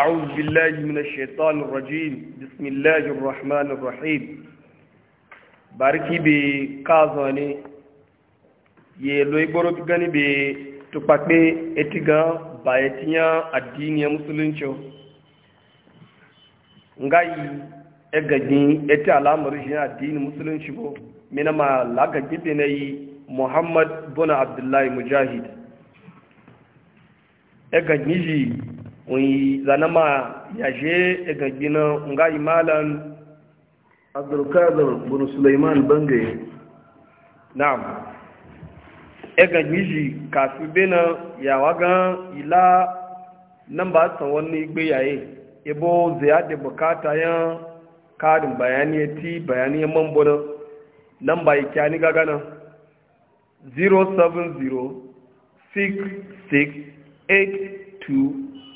أعوذ بالله من الشيطان الرجيم بسم الله الرحمن الرحيم باركي بي كازاني يلوي بروب غني بي بي اتغا بايتيا الدين يا شو ngai egagin ete al'amari shi addini الدين bo شو ma lagagin da na محمد بن عبد الله مجاهد egagin ji wani zanama ya ṣe daga gina nga imalan abdulkadir bin suleiman bangaye na'am ega miji kafi bena yawagan ila nan san wani igbe ibo ziyade bukata yan karin bayani ti bayani man bonan nan gagana 070 66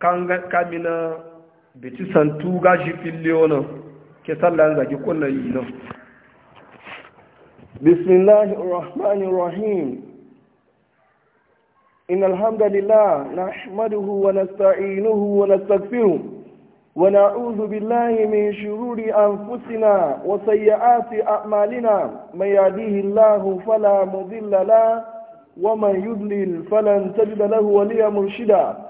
kanga kamina biti santu gashi filiyonan ke sallan zaki kunan yi nan bismillahi rahmani rahim إن الحمد لله نحمده ونستعينه ونستغفره ونعوذ بالله من شرور أنفسنا وسيئات أعمالنا من يهده الله فلا مضل له ومن يضلل فلن تجد له وليا مرشدا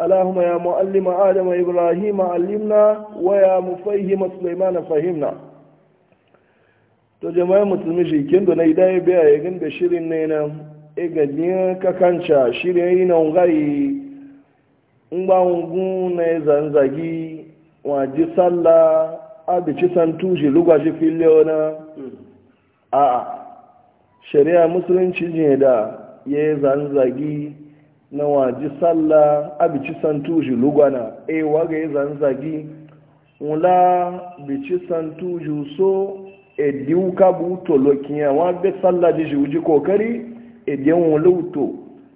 اللهم يا معلم آدم وإبراهيم علمنا ويا مفهم سليمان فهمنا to jama'a musulmi shi kin na yi daya biya ya gan da shirin ne na e gajiyar kakanca shirin yi na ungayi in ba na ya zanzagi waji sallah a bici san a'a shari'a ne da ya na waji sallah abici santuji lugana e waga ya zanzagi wula bici santuji so e diuka buto lokiya wa be sallah ji uji kokari e wula wuluto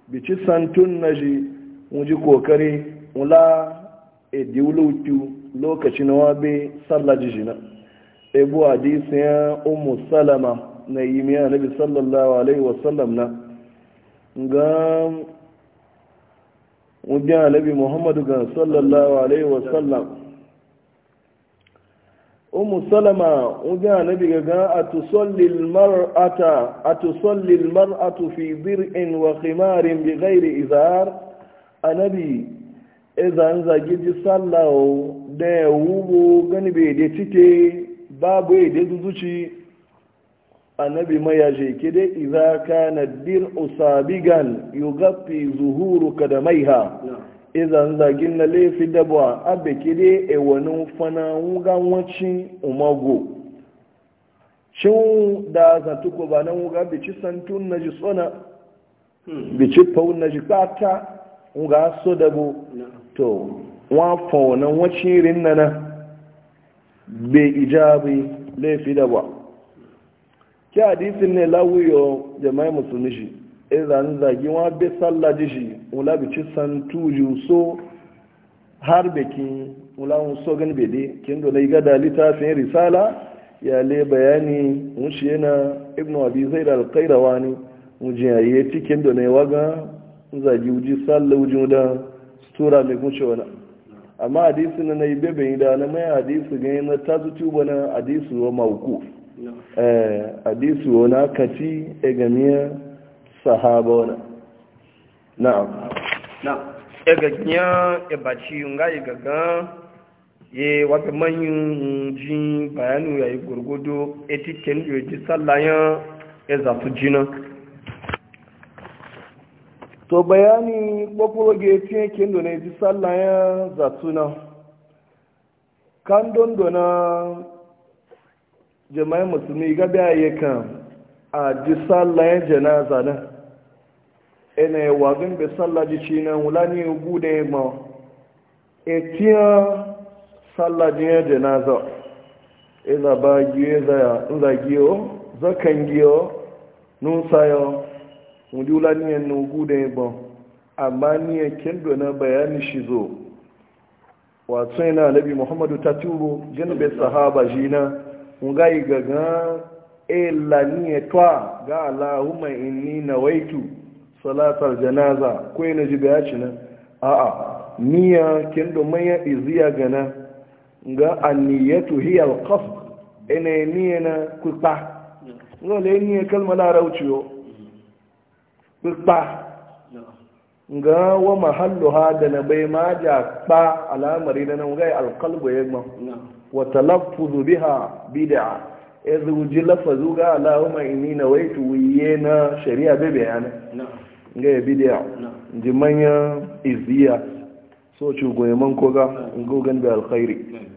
bici santun na ji uji kokari wula e diulutu lokaci na wa be sallah ji na ebu hadisi ya ummu salama na yi miya nabi sallallahu alaihi wasallam na ga wajen alabi muhammadu ga sallallahu alaihi wasallam umu salama wajen alabi ga gan a tusallil mar'atu fi bir'in wa khimarin bi gairi izar anabi izan e zagi ji sallawo da ya wubo gani bai da cike babu ya da zuzuci annabi mai ya je ki dai idza kana dir usabigan yugaffi zuhuruka da maiha idan zagin na laifi dabwa abe ki dai e wani fana wugan wacin umago shin da zatu ko ba nan wuga bi ci santun na ji tsona hmm. bi ci faun na ji kata wuga so dabo to wa fa wannan wacin rin nana be ijabi laifi dabwa ki hadisin ne lawuyo jama'i musulmi shi izan zagi wa be sallah shi wula bi ci san tuju so har be kin ula un so gani bede kin dole lai gada litafin risala ya le bayani mun shi yana ibnu abi zaid al wani mun ji yayi cikin do ne waga zagi wuji sallah wuji da sura mai kun ce amma hadisin ne na yi bebe da na mai hadisi ga na tazu tuba na hadisi wa mawquf Eh, hadisu wani aka ci egamiyar sahaba wani na'am na'am egamiyar ibaci nga igaga ya wata manyan jin bayanu ya yi gurgudu etiken yoji sallayan ya zafi jina to bayani kwakwuroge etiken da na yi sallayan zatuna kan dondona jama'i musulmi gabi ayyukan a ji sallayen janaza nan ina yi wagin bai sallaji shi nan wulani ugu da ya ma etiyan sallajin janaza iza ba giyo za giyo kan giyo nusayo wuli wulani ya ugu da ya ma amma ni ya kendo na bayani shi zo wato yana alabi muhammadu ta tubo jin sahaba jina yi gaga illa eh, ni etwa ga allahumma inni nawaitu salatar janaza ko ina ji ga yaci nan a'a niya kin do maya iziya gana ga anniyatu hiya alqasd ina niya na kuta le niya kalma la rawciyo kuta ga wa mahallu ha da na bai ma ja ba al'amari na nan gai alkalbu ya ma. wa talaffuzu biha bid'a ya zuji lafazu ga allahumma inni nawaitu wiye shari'a be bayana ga ya bid'a ji manya iziya so go yaman ko ga gan da alkhairi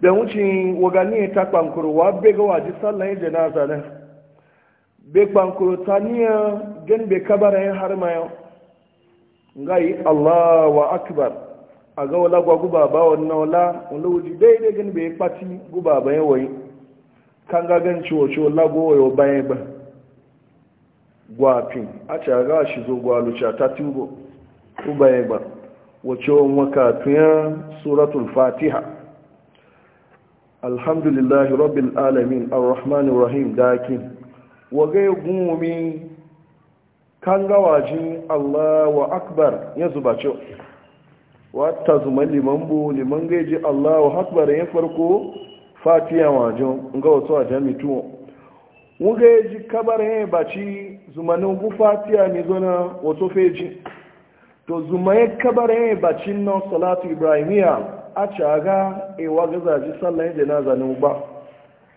da wuce wagani ta wa be ga waji sallan janaza ne bai kwankurta niyan gan be kabarin har ma yau ngai allahu akbar a ga wala gwa guba ba wannan wala wuji daidai gani bai fati guba bayan yawai kan ga gan ciwo ciwo lago bayan ba gwafin a ce ga shi zo gwaluca ta tubo ku bayan ba wace waka tuyan suratul fatiha alhamdulillahi rabbil alamin arrahmanir rahim dakin wa ga gumi kan gawajin Allah wa akbar ya zuba ce wata zuma liman bu liman gaji Allah wa akbar ya farko fatiya wajen ga wasu a jami'tu wuga ya ji kabar ya baci zumanin bu fatiya ne zona wasu feji to zuma ya kabar ya bacin nan salatu ibrahimiyya a caga ewa gazaji sallan janaza ne ba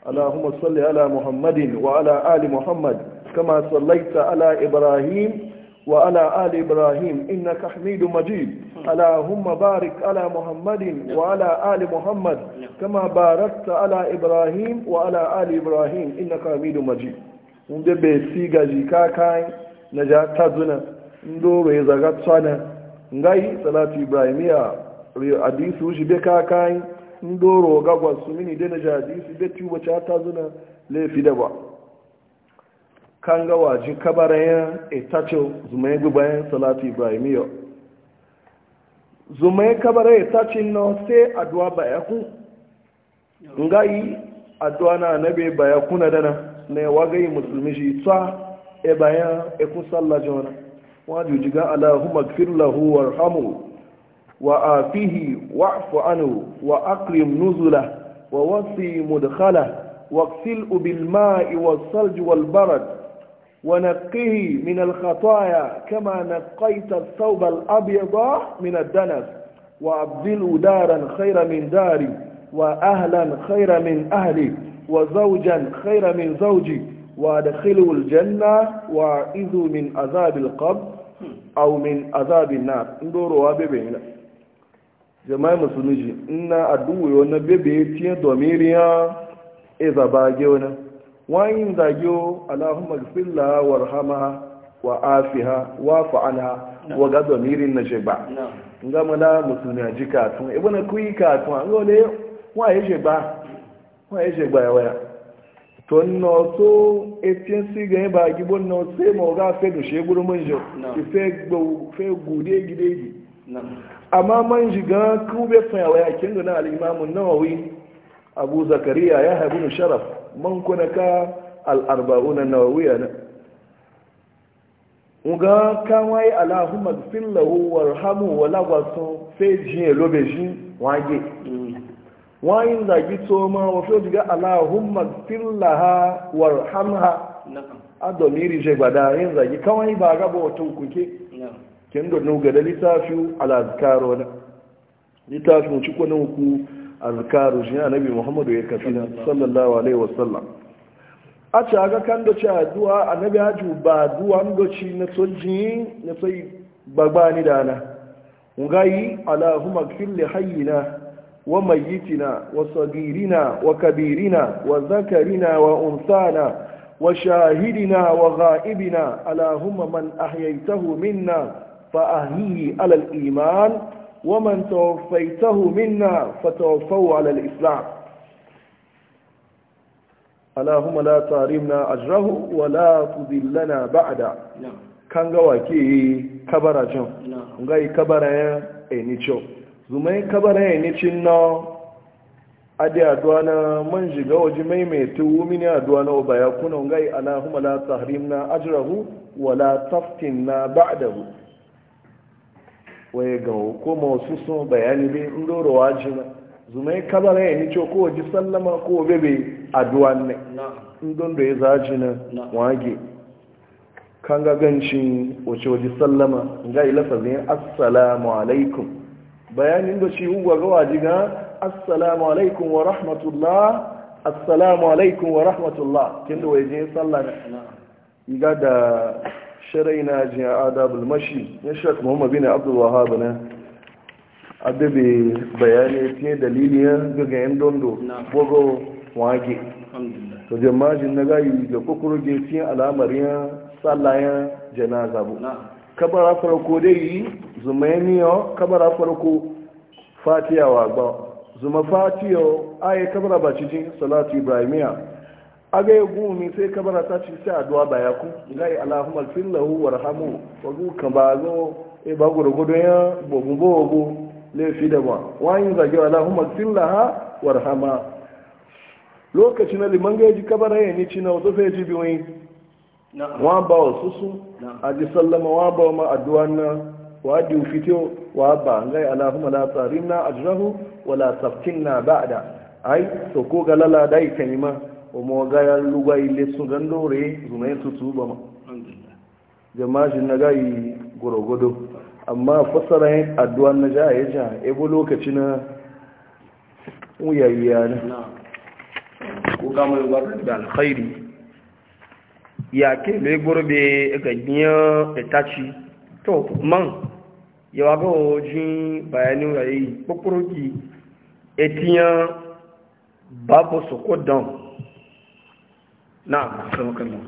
Allahumma salli ala Muhammadin wa ala ali Muhammad كما صليت على إبراهيم وعلى آل إبراهيم إنك حميد مجيد اللهم بارك على محمد وعلى آل محمد كما باركت على إبراهيم وعلى آل إبراهيم إنك حميد مجيد inda bai si gaji kakai na ji ta zuna indo bai zaga tsana ngai salatu ibrahimiya hadisu shi bai kakai indo roga gwasu mini dai na ji hadisu bai tuba ta zuna laifi da ba kan ga waji kabarayen itace zumai gubayen salatu ibrahimiyo zumai kabarayen itace na sai aduwa bayaku nga yi aduwa na anabe bayaku na dana na yawa gai musulmi shi tsa e bayan ekun sallah jona waju jiga allahumma gfir lahu warhamu wa afihi wa anhu wa akrim nuzula wa wasi mudkhala واغسله بالماء wal Barad. ونقه من الخطايا كما نقيت الثوب الأبيض من الدنس وأبدله دارا خيرا من داري وأهلا خيرا من أهلي وزوجا خيرا من زوجي وأدخله الجنة وأعذوا من عذاب القبر أو من عذاب النار ندوروا ببينا jama'a musulmi ina addu'o wannan bebe tiye domiriya e zaba ge wannan wayin zagiyo allahumma gfirla warhama wa afiha wa fa'anha wa ga domirin na shegba gama na mutum a ji katun ibana kuyi katun an gole wa ya shegba wa ya shegba ya waya to nno so etin si ga ba gibo na se mo ga fe du sheguru manjo ki fe gude gide gude amma man kube fa ya waya kin na al-imam an-nawawi abu zakariya ya habun sharaf man kuna ka al'arba'una na wuya na nga kan waye alahumma gfir lahu warhamu wa lagwasun sai jiye lobe shi wage wayin zagi tsoma wa fe jiga alahumma gfir laha warhamha a domiri je gbada yin zagi kawai ba gaba watan kuke kin da nuga da littafi alazkaro na littafin ci kwanan ku azkaru shi annabi muhammadu ya kafi sallallahu alaihi wasallam a ce aga kan da ce addu'a annabi haju ba ngoci na soji na sai bagbani dana ngai allahumma kfir li hayyina wa mayyitina wa sagirina wa kabirina wa zakarina wa unsana wa shahidina wa ghaibina allahumma man ahyaytahu minna fa ahyihi ala al-iman ومن توفيته منا فتوفوا على الإسلام اللهم لا تارمنا أجره ولا تذلنا بعد كان gawaki kabara jin ngai kabara ya enicho zumai kabara ya enichin na adi aduwa na man jiga waje maimaitu wumini aduwa na obaya kuna ngai allahumma la tahrimna ajrahu wa la taftinna ba'dahu waye ga hukuma wasu sun bayani bai Zuma yi zumai kabara ya ni ko waje sallama ko bebe addu'a ne ndon da ya zajina wage kan ga ganci wace waje sallama ga ilafazin assalamu alaikum bayanin da shi hugwa ga ga assalamu alaikum wa rahmatullah assalamu alaikum wa rahmatullah kin da waje sallama iga da shirai na jin adabul mashi ya shek muhammad bin abdul wahab na adabi bayani fiye dalilin gagayen dondo bugo wage to jama'ajin na gayu da kukuruge fiye al'amarin tsallayen janaza bu kabara farko dai yi zuma yaniyo kabara farko fatiyawa ba zuma fatiyo aye kabara ba cikin salatu ibrahimiyya aga ya gumi sai kabara ta ce sai addu'a ba ya ku gai allahumma fillahu warhamu wa gu kan ba zo e ba gurgudu ya bogun bugu le fi da ba wani zage allahumma fillaha warhama lokaci na liman ga ji kabara ya ni cina wato sai ji biyoyi wa ba wa susu a ji sallama wa ba ma addu'a na wa ji fito wa ba ga allahumma la na ajrahu wala tsaftin na ba'da ai to ko galala dai ma. omo ga ya luga ile sun dan dore zuma tutu ba ma jama'a shi na gayi gorogodo amma fasara yin addu'a na ja ya ja ebo lokaci na uyayya na ko kama yi gwarar da alkhairi ya ke mai gurbe ganyen itaci to man yawa ga ojin bayanin rayi kokoroki etiyan babu sokodan na samakallah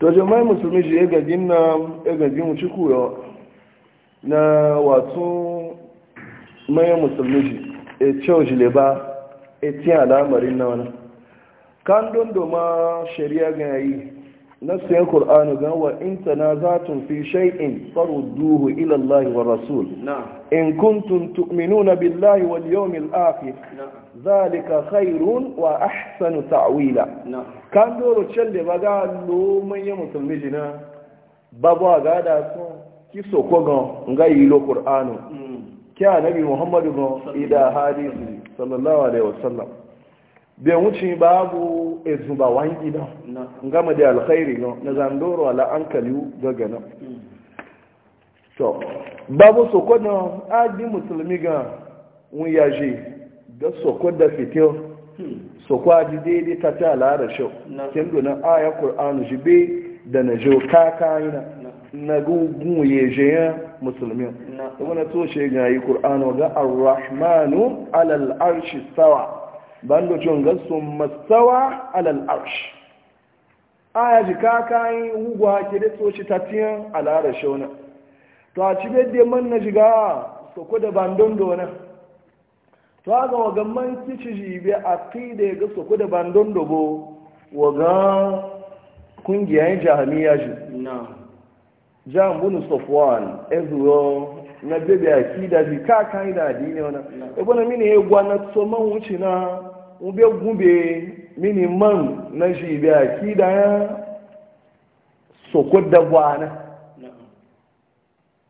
to jama'i musulmi shi ya gajin na ya gajin wuce kuyo na wasu mayan musulmi shi e cewa shi le ba e tiyan al'amarin na wani kan don doma shari'a ga yi نفس القرآن قال إن تنازعتم في شيء فردوه إلى الله والرسول نعم إن كنتم تؤمنون بالله واليوم الآخر نعم ذلك خير وأحسن تعويلا نعم كان دور تشلي بقى لو من يموت المجنة بابا قال كيسو كوغان غاي لو قرآن كان نبي محمد إلى حديث صلى الله عليه وسلم bai wuce babu ezuba ba wangi na gama da alkhairi na na zandoro ala an kaliu daga nan so hmm. babu soko na adi musulmi ga wun yaje da soko da fitil hmm. soko adi daidai ta ta al'ada shau kin dona aya qur'anu bai da na jo kaka ina na gungun yaje ya musulmi na wani to shi ga yi qur'anu ga ar-rahmanu alal arshi sawa bando cin gasu masawa alal arsh ya ji kaka yi hugu hake da tsoci ta tiyan alara shauna to a ci bedde man na jiga soko da bandon dona to a ga wagan man kici ji be a ti da ya ga soko da bandon dobo wagan kungiyayen jahamiya ji na jan bunu sofwan ezuro na bebe akida ji kaka yi da adini wani ebe na mini ya gwana wuce na ube gube mini man na shi da aki da ya sokot da gwana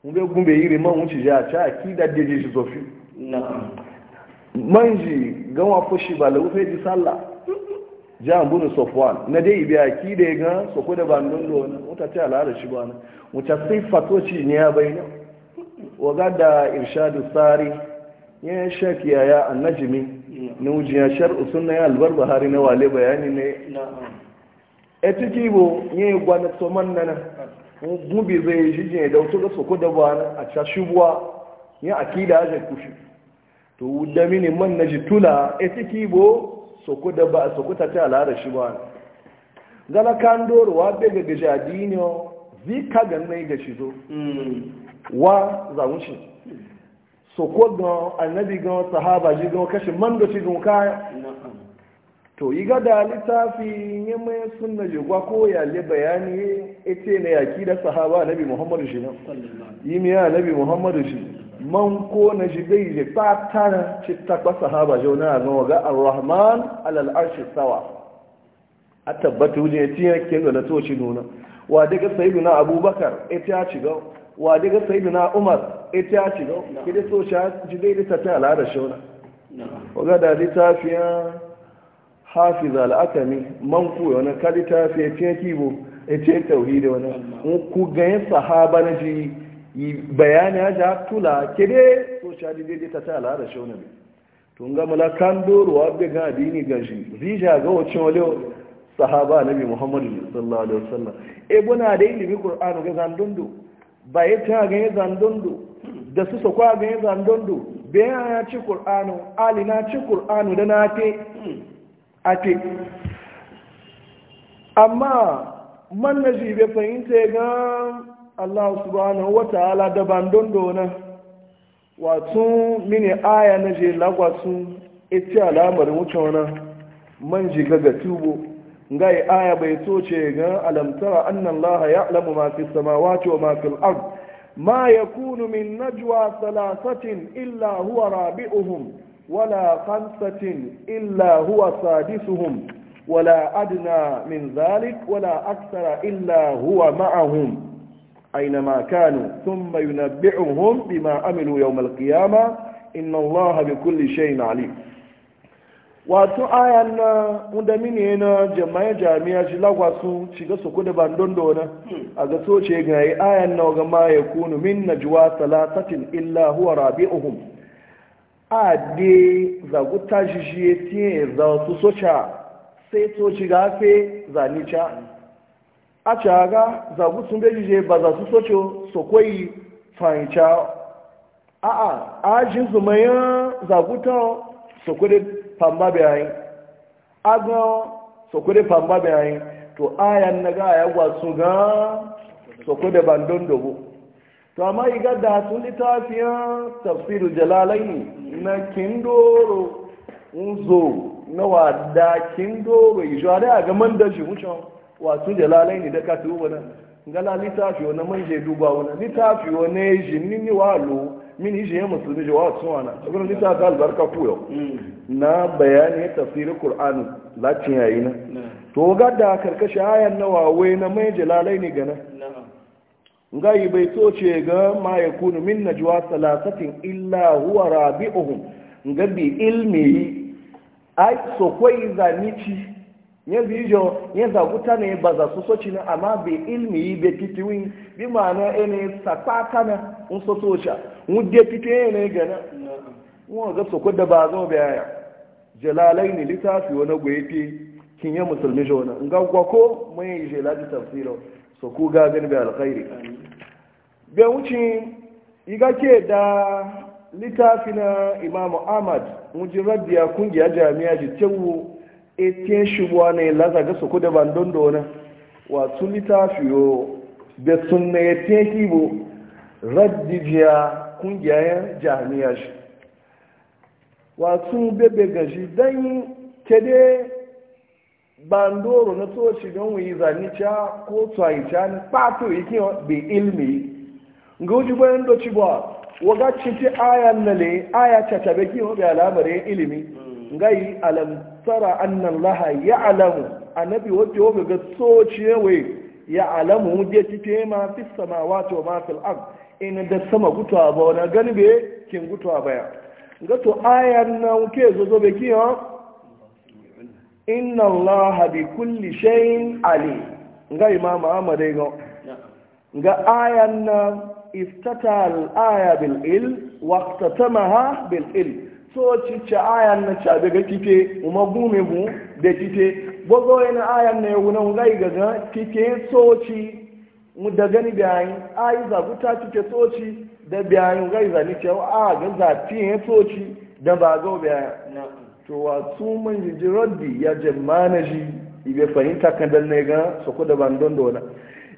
ube gube iri man wuce ya ci aki da deje shi sofi man ji ganwa fushi ba laufe ji sallah jan bunu sofwan na dai ibi aki da ya gan soko da bandun da wani wuta ta al'ada shi ba wuce wuta sai fatoci ne ya bai bayyana waga da irshadu tsari ya shaki yaya an najimi na wujiya shar'u sunna ya albar bahari na wale bayani ne e ciki bo ya gwada gwana tsoman nana gubi zai yi shi dautu da soko da ba a ca shubuwa ya akida ajar kushi to da mini man na ji tula ya e ciki bo soko da ba soko ta ta alara shi ba gala kan dorowa bai ga gajadino zika ganna ga shi zo mm. wa zamushi mm. so ko ga annabi ga sahaba ji ga kashi man da ci ga kaya to yi ga da litafi ne mai sunna jigwa ko ya le bayani ite ne yaki da sahaba annabi muhammadu shi nan yi miya annabi muhammadu shi man ko na ji dai je fatara ci takwa sahaba ji na ga ga ar-rahman alal sawa a tabbatu ne ya tiya ke na to shi nuna wa daga sayyiduna abubakar ita ci ga wa daga sayyidina umar ita ya shiga kida so sha ji dai da ta al'ada shauna waga da litafiya hafiz al'akami man ku wani ka litafiya ce kibo ita e tauhidi wani ku ganin sahaba na ji bayani ya ja tula kide so sha ji dai da ta al'ada shauna ne tun ga mulakan doruwa ga ga dini ga shi zija ga wacce wale sahaba nabi muhammadu sallallahu alaihi wasallam e buna da ilimi qur'ani ga zandundu ba ya ta ganye zandondo da su su sakwa ganye zandondo bayan ya ci ƙur'anu ali na ci ƙur'anu da na te a amma man na shi bai fahimta ga Allah subhanahu wa ta'ala da bandondo na wato mini aya na je lagwasu ita alamar wuce man jiga ga tubo ngai aya bai ce ga alamtara annan laha ya alamu mafi samawati wa mafi al'ard ma ya kunu min najwa salasatin illa huwa rabi'uhum wala khamsatin illa huwa sadisuhum wala adna min zalik wala aksara illa huwa ma'ahum aina ma أينما كانوا ثم bima amilu عملوا يوم القيامة إن الله بكل shayin alim wato ayan na wanda mini na jama'a jami'a shi lagwasu shiga su kudu bandon dona hmm. a ga soce ga yi ayan na ga ma ya kunu min na juwa talatatin illa huwa rabi'uhum a de zaguta shi shi ya tiye za su soca sai soci ga hafe zanica a caga aga sun beji shi ba za su soco so koyi fahimta a'a ajin zumayen zaguta sokude pamba bayan aga sokude pamba bayan to ayan na ga ya gwasu ga sokude bandon dogo to amma iga da sun litafiyan tafsirul jalalaini na kindoro unzo na wada kindoro ijo da ga man da shi mucin wasu jalalaini da ka tuwa nan ngala litafiyo na manje duba wona litafiyo ne jinni ni lo. mini shi ya musulmi ji wa na abin da ta ta albarka kuyo na bayani tafsirin qur'ani lati yayi na to ga da karkashi ayan na wawe na mai jalalai ne gana ga yi bai so ce ga ma kunu min najwa salasatin illa huwa rabi'uhum ga bi ilmi ai so kwai zanici nye yanzu ijo nye zaguta ne ba za su soci na ama bai ilmi yi bai fiti win bi ma'ana ene sakpata na un so soca un na fiti ene gana ọzọ sokwa daba da ọbịa ya bayaya jalalai ne littafi wani gwefi kinye musulmi na nga gwako mai yi jeladi tafsiro so ku ga gani bai alkhairi bai wuce iga ke da littafi na imamu ahmad mun ji kungiya jami'a ji tewu etin shugwa ne laza ga su kudu ban don dona wasu lita fiye da sun ya teki kibo radijiya kungiyayen jami'a shi wasu bebe gaji don kede bandoro na toci don wuyi zanica ko tsayica ni pato yake bi ilmi ga uji bayan doci ba waga cikin ayan nale aya catabe kiyo bi alamar ilimi mm. yi alam tara annan laha ya alamu nabi wajen yau ga sociyewe ya alamu wajen cike ma fi sama wato ma fi am ina da sama gutuwa ba wani gani be kin a baya gato to ayan nan ke zozo be kiyo inna laha bi kulli shay'in ali ga imam ahmad e ga ga ayan nan iftata al aya bil il wa ikhtatamaha bil il soci ce ayan na cabe ga kike uma gume bu da kike bogo yana ayan na yau na ngai ga kike soci mu da gani bayan ayi za ku ta kike soci da bayan ngai za ni cewa a ga za ti soci da ba ga bayan to wa su mun ji roddi ya je manaji ibe fahimta kan dan ne ga ku da bandon dona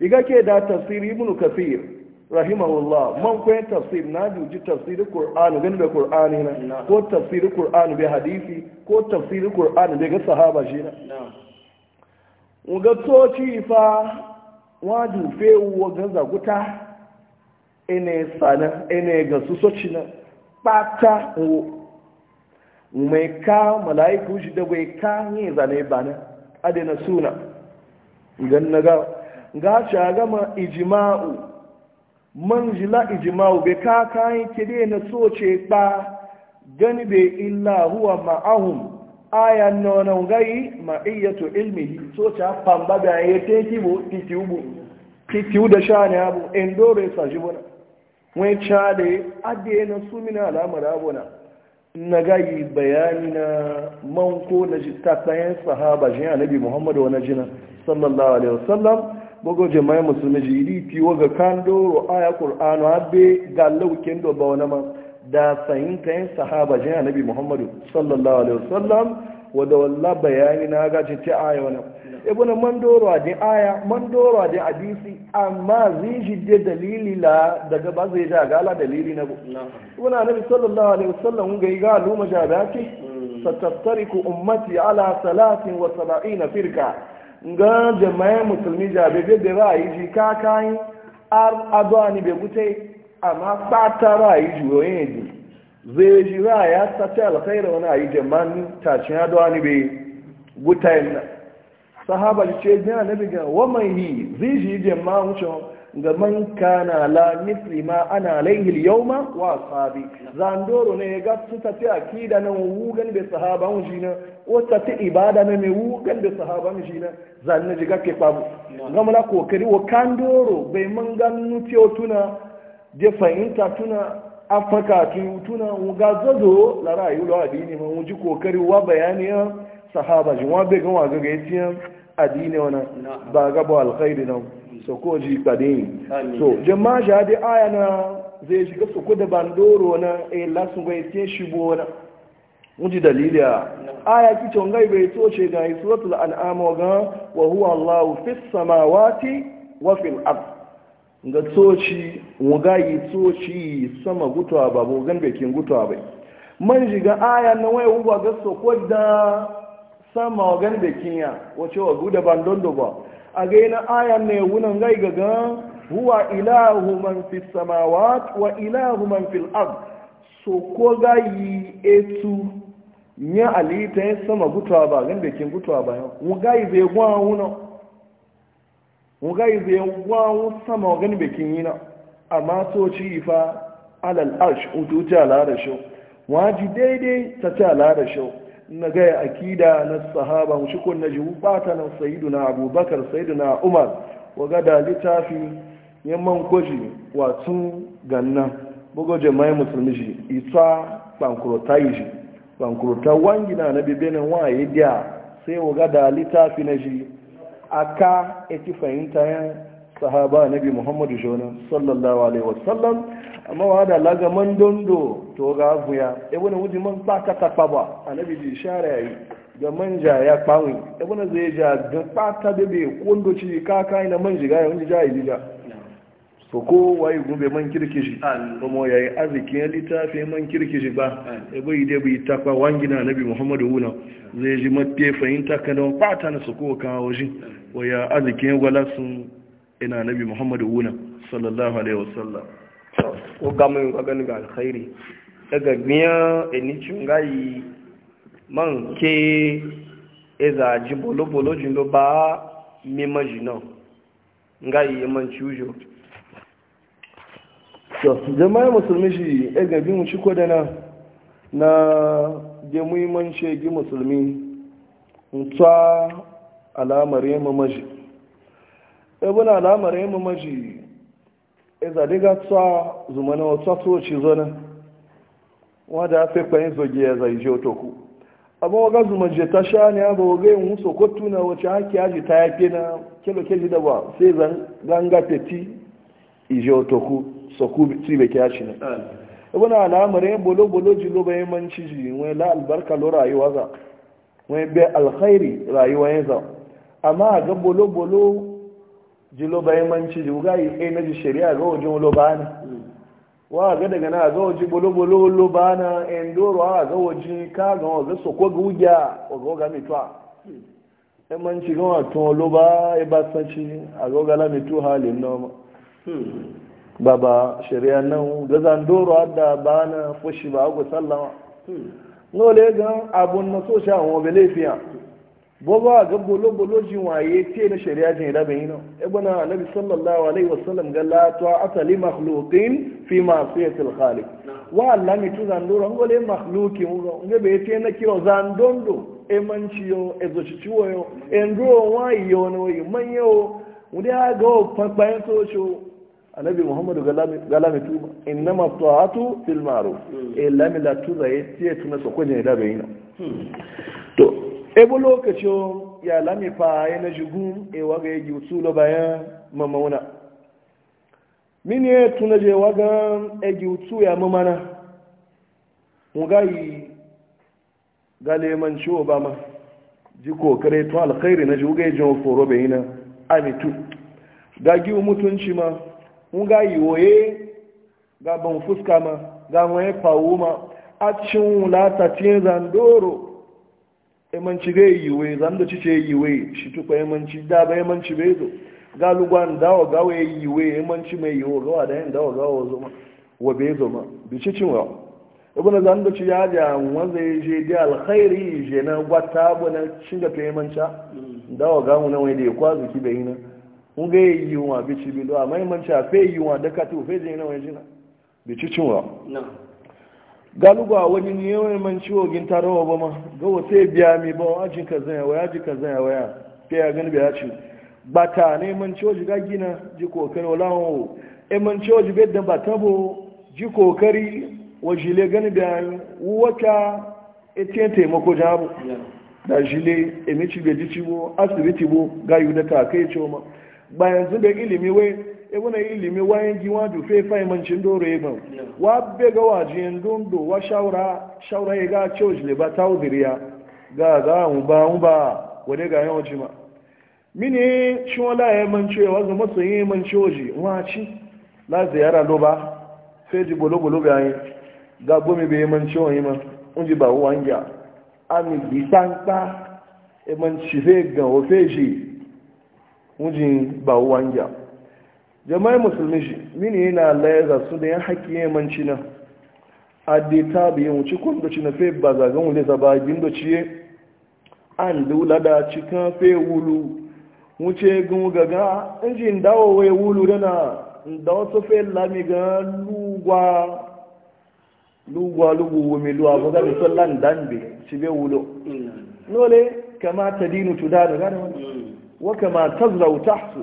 iga ke da tafsiri ibnu kafir rahimahullah man koyan tafsir na juji tafsir qur'ani gani da qur'ani na ko tafsir qur'ani bai hadisi ko tafsir qur'ani bai ga sahaba shi na uga toci fa waju fe wo ga zaguta ene sana ene ga su soci na pata wo mai ka malaiku shi da bai ka ne zane bana adena suna ganna ga ga shagama ijma'u man ji ijima'u be ka kayan kide na soce ba gani be illa huwa ma'ahum aya nona ngai ma'iyatu ilmihi soce famba da ya teki ubu titiubu titiu da shani abu endore sa jibona wai chade ade na sumina alamar abuna na gayi bayani na manko na jitta sayan sahaba jiya. nabi muhammadu wa najina sallallahu alaihi wasallam bugu mai musulmi jiri fi waga kan doro aya qur'anu abbe ga laukin do wani ma da ta yin sahaba jin annabi muhammadu sallallahu alaihi wasallam wadda walla bayani na ga ce aya wani ibn man doro adin aya man doro adin hadisi amma zai je dalili la daga ba zai ja gala dalili na bu ibn annabi sallallahu alaihi wasallam ga ga luma majabati mm. satattariku ummati ala 73 firka ga jama'in musulmi jabe bebe ra'ayi ji kakayin adu'a ni bai gute amma fata ra'ayi juyoyin ji zai ji ra'aya ta ce alkhairu wani ayi jama'in tashin adu'a ni bai yin nan sahaba ce jina na bigan wa mai yi zai ji jama'in wucin ga man kana la misli ma ana alaihi al wa ashabi zandoro ne ga su ta ta akida nan wugan da sahaban jina ko ta ti ibada na me wugan da sahaban jina zanna jiga ke babu gamla kokari wa kandoro bai man gannu tiyo tuna je fahimta tuna afaka ti tuna wuga zozo la rayu lo adini man wuji kokari wa bayaniya sahaba jin wa bai ga wa ga ga adini wana ba ga ba alkhairi na soko ji so jama'a ja da aya na zai shiga soko da bandoro na a eh, lasu gwai te shigo na muji dalili a aya kice ngai bai ce ga suratul an'am ga wa huwa allah ma samawati wa fil ard ga wuga yi soci sama gutwa babu ganbe kin gutuwa bai man shiga aya na wai uba ga soko da sama wa kin ya wace wa guda bandondo ba a gaina ayan ne wunan gai gaga huwa ilahu man fi samawat wa ilahu man fil ard so ko gayi etu nya alita ya sama gutuwa ba gan da kin gutwa ba mu gayi zai gwa wuna mu gayi gwa wu sama gan da kin yina amma so ci fa alal arsh utu ta la da sho waji daidai ta ta la da na gaya akida na sahaba mu shi kun naji bata na sayyiduna abubakar sayyiduna umar ga da littafi yamman kwaji watun ganna bugo jama'i musulmi shi isa bankurota yi shi bankurota wangi na na benin waye dia sai ga da littafi na shi aka eti fahimta yan sahaba nabi muhammadu jona sallallahu alaihi wasallam amma wa da laga man dondo to ga buya e wani wuji man ba ta kafa ba annabi ji share yayi ga manja ya kpawi e wani zai ja ga pata da be kondo ci ka kai na manji ga wani ja yi ja so ko waye gumbe man kirki kirkishi mo yayi arzikin ya fe man kirki shi ba e bai dai bai takwa wangina annabi muhammadu wuna zai ji ka fahimta kana fata na so ko kawo shi waya arzikin ya gwala sun ina annabi muhammadu wuna sallallahu alaihi wasallam ko gama yin kwagan ga alkhairi daga miya enicin gayi man ke eza ji bolo-bolo jindo ba mima jina gayi yaman e ciwujo so jama'a musulmi shi ega bi mu ci kodana na je muhimmanci gi musulmi ntsa alamar yamma e maji ebuna alamar yamma e maji iza diga tsa zumana wata tsoci zana wadda ya fi kwayin zoge ya zai je otoku abin waga zuma je ta sha ne abu waga yin wuso ko tuna wace haki yaji ta yafe na kilo keji da ba sai zan ganga feti ije otoku soku tsibe ke yaci ne ibn al'amarin bolo bolo jilo bai manci ji wai la albarka lo rayuwa za wai bai alkhairi rayuwa yanzu amma ga bolo ji lo bayan manci ji ga yi kai na ji shari'a ga wajen lo bana wa ga daga na ga wajen bolo bolo lo bana en doro a ga wajen ka ga ga so ko wuya o ga ga mitwa e manci ga wa to lo ba e ba sanci a ga ga la mitu halin no baba shari'a nan ga zan doro adda bana fushi ba go sallama hmm. no le ga abun na so sha wa be lafiya boba ga bolo bolo jin waye te na shari'a jin da bayin no ibn annabi sallallahu alaihi wasallam ga la ta'ata li makhluqin fi ma'siyati al-khaliq wa Allah mi tuzan do rango le makhluqi ngo nge be te na kiro zan dondo e manchiyo e zo chiwo yo e ndo wa yo no yi manyo unde ga o papayen so cho annabi muhammadu ga lami tuba innama ta'atu fil ma'ruf e hmm. lamila la tuza ye te tuna so ko jin da bayin to ebo lokaci ya lami fa ya na jigun e waga yi gitsu bayan mamauna mini ya tuna je waga ya gitsu ya mamana mugayi ga ciwo ba ma ji kokare to alkhairi na ji ugai jin foro bai na amitu ga giwu mutunci ma mugayi woye ga ban fuska ma ga mu ya fawo ma a cin wulata cin zandoro yamanci yi wai zan da cice wai shi tukwa yamanci da ba yamanci bai zo galugwan dawa gawa ya e wai yamanci mai yiwo gawa da yin e dawa gawa zuma wa bai ma bi cicin wa ibn zan da ci ya da wanda ya je da alkhairi je na gwata bu na cin da yamanci dawa gawa na wai e da ya kwazu ki bai na mun ga a bi ci bi do amma yamanci a fe wa da ka to fe je na wai jina bi cicin wa galugu a wani ne yawan man rawa ba ma ga wace biya mi ba wajin ka waya ji ka zaya waya ta ya gani biya ci ba ta ne man ji ga gina ji kokari wala wo e man ciwo ji bedda ba tabo ji kokari wa jile gani biya wata etiyan taimako jabu da jile emici bai ji ciwo asibiti bo ga yi da ta kai ciwo ma bayan zube ilimi wai ebuna ilimi wayan giwa du fe faimancin doro ya gan wa be ga wajiyan dondo wa shawara shawara ya ga church le ba taudiriya ga ga mu ba mu ba wani ga yawan ma mini shola ya manci wa ga masu yi manci oji wa ci la ziyara lo ba fe ji bolo bolo ga yi ga gomi be manci wa yi ma unji ba wanja ami bi sanka e manci fe ga o fe ji unji ba wanja jama'ai musulmi shi mini yana laiza su da yan haƙƙi yamanci na adita ta yin wuce kun doci na fe ba zagan wule ta ba gin doci ye an dula da cikin fe wulu wuce gun gaga injin dawo wai wulu dana da wasu fe lami ga lugwa lugwa lugu wumi luwa ko ga misal lan dambe ci be wulo nole kama ta tadinu da gada wani mm. wa kama tazrau tahsu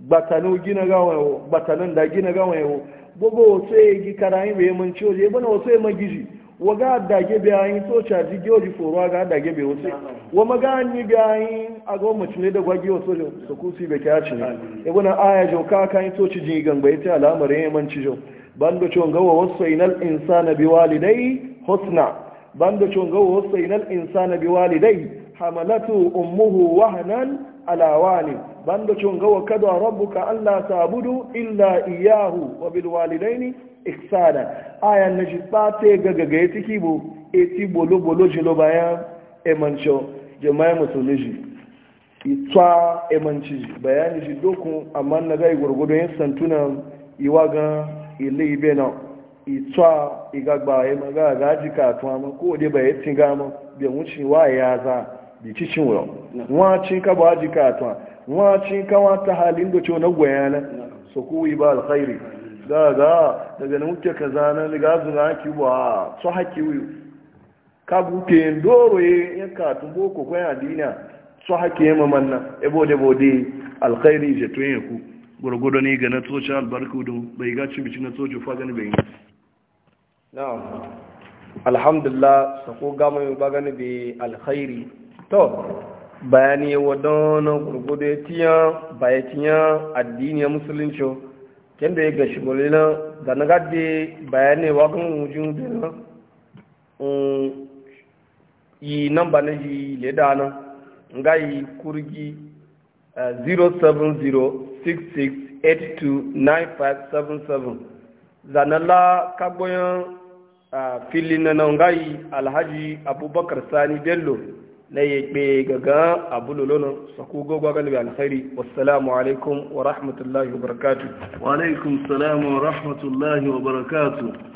batanu gina gawayo batanan da gina gawayo gbogbo wasu ya yi karayin bai man ciwo je bane wasu ya magiji wa ga dage bayan to charge ji oji foro ga dage bai wasu wa maga ni bayan a ga mutum ne da gwagi wasu su kusi bai kya ci ne e bana aya jo ka kan to ci jin gangba ita al'amarin ya man ci jo bando chon gawa wasu inal insana walidai husna bando chon gawa wasu inal insana walidai, hamalatu ummuhu wahanan ala wani bando chunga wa Rabbu ka alla ta'budu illa iyahu wa bil walidaini ihsana aya naji pate gaga ga yatiki bo eti bolo bolo jilo baya emancho mancho jama'a musulmi itwa e manchi bayani ji dokun amma na ga gurgudo yin santuna iwaga ile ibena itwa igagba e maga ga ji ka tun amma ko de baye tinga amma bi wucin wa ya za bi cicin wo wa cin ka ba ji ka tun wacin kawa ta halin da cewa na gwayana na ku ba alkhairi ga ga daga nan muke kaza na ga zu na haki ba su haki wuyu ka buke ndoro ye ya ka tumbo ko kwan adina su haki ma mamanna e bode bode alkhairi je to yin ku gurgudo ni ga na tsoci albarku don bai ga bici na tsoci fa gani bai na'am alhamdulillah sako ga mai ba gani bi alkhairi to bayani ya wadana gurgudu tiya baya tiya addini ya musulunci kenda ya gashi na da na gadi bayani wa kan wujin dina mm, yi nan ba na ji leda nan nga yi kurgi 07066829577 zanala kagboyan filin na nan nga yi alhaji abubakar sani bello na yi gaga abu lolonon saku gogwa bi alkhairi wassalamu alaikum wa rahmatullahi wa barakatu wa alaikum salamu wa rahmatullahi wa barakatu